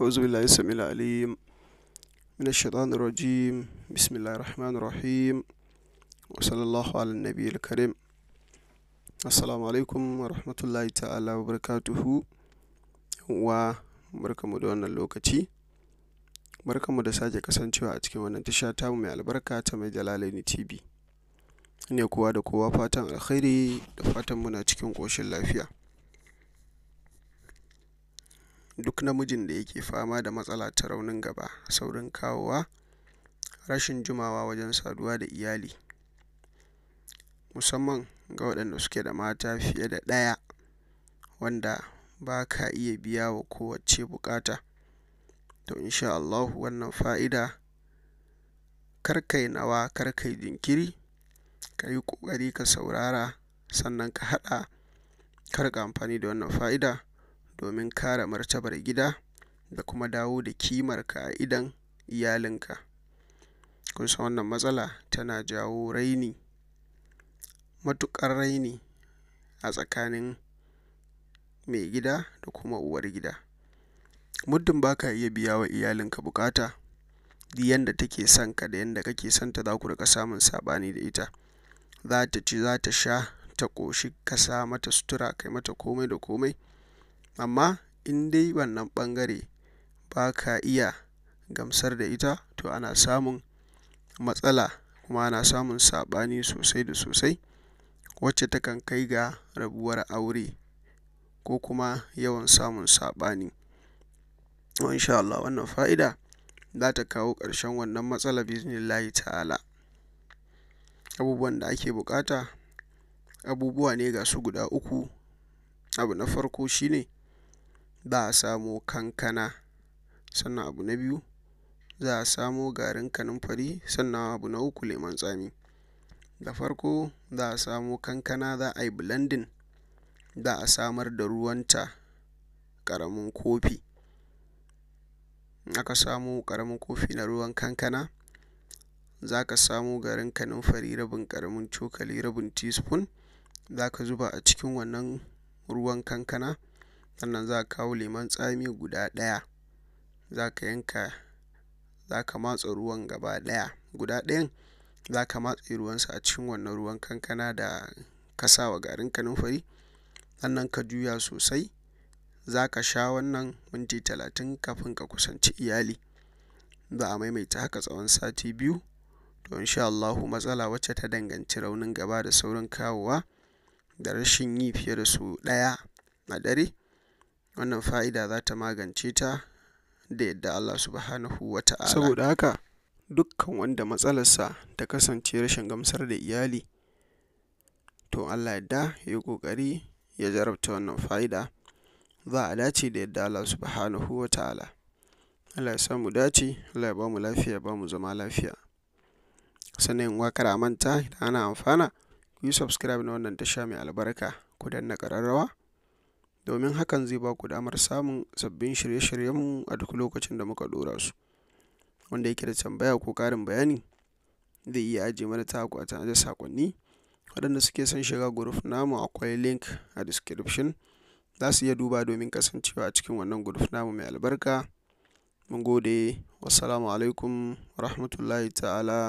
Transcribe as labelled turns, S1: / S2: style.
S1: أعوذ بالله السميع العليم من الشيطان الرجيم بسم الله الرحمن الرحيم وصلى الله على النبي الكريم assalamu alaikum wa rahmatullahi ta'ala wa barakatuhu wa da wannan lokaci barkamu da sake kasancewa a cikin wannan tasha tamu mai albarka ta mai jalalaini tv ne kowa da kowa fatan alkhairi da fatan muna cikin ƙoshin lafiya Duk namijin da yake fama da matsala ta raunin gaba, saurin kawowa, rashin jimawa wajen saduwa da iyali, musamman ga waɗanda suke da mata fiye da ɗaya wanda ba ka iya biya wa kowacce buƙata, to insha Allahu wannan fa'ida kar kai nawa kar kai jinkiri, ka yi ƙoƙari ka saurara sannan ka haɗa ka amfani da wannan fa'ida. domin kare martabar gida da kuma dawo da kimar ka a idan iyalinka. Kun san wannan matsala tana jawo raini, matuƙar raini a tsakanin mai gida da kuma uwargida. Muddin ba ka iya biya wa iyalinka buƙata, duk yanda take son ka da yanda kake son ta za ku riƙa samun saɓani da ita. Za ta ci za ta sha ta ƙoshi ka sa mata sutura kai mata komai da komai. Amma in dai wannan bangare ba ka iya gamsar da ita, to ana samun matsala kuma ana samun saɓani sosai da sosai wacce takan kai ga rabuwar aure ko kuma yawan samun saɓani. To in Allah wannan fa'ida za ta kawo ƙarshen wannan matsala biznillahi ta'ala. Abubuwan da ake buƙata abubuwa ne ga su guda uku. Abu na farko shi ne za a samo kankana. Sannan abu na biyu za a samo garin kanunfari. Sannan abu na uku lemon tsami. Da farko za a samo kankana za a yi blending, za a samar da ruwanta ƙaramin kofi. aka samo ƙaramin kofi na ruwan kankana, za ka samo garin kanunfari rabin ƙaramin cokali rabin teaspoon za ka zuba a cikin wannan ruwan kankana. sannan za ka kawo lemon tsami guda ɗaya za ka yanka za matse ruwan gaba ɗaya guda ɗayan za ka matse ruwansa a cikin wannan ruwan kankana da ka sa wa garin kanunfari sannan ka juya sosai za ka sha wannan minti talatin kafin ka kusanci iyali za a maimaita haka tsawon sati biyu to insha Allahu matsala wacce ta danganci raunin gaba da saurin kawowa da rashin yi fiye da su ɗaya a dare wannan fa'ida za ta magance ta da yadda Allah subhanahu wa ta'ala. Saboda haka, dukkan wanda matsalarsa ta kasance rashin gamsar da iyali, to Allah yadda ya yi ƙoƙari ya jarabta wannan fa'ida, za a dace da yadda Allah subhanahu wa ta'ala. Allah ya samu dace, Allah ya ba mu lafiya, ba mu zama lafiya. Sannan wakar a manta, ana amfana, ku yi subscribe na wannan tasha mai albarka, ku danna ƙararrawa. domin hakan zai ba ku damar samun sabbin shirye-shiryenmu a duk lokacin da muka ɗora su. Wanda yake da tambaya ko ƙarin bayani zai iya ajiye mana ta ku a tanadar saƙonni. Waɗanda suke son shiga guruf namu akwai link a description. Za su iya duba domin kasancewa a cikin wannan guruf namu mai albarka. Mun gode, wassalamu alaikum rahmatullahi ta'ala.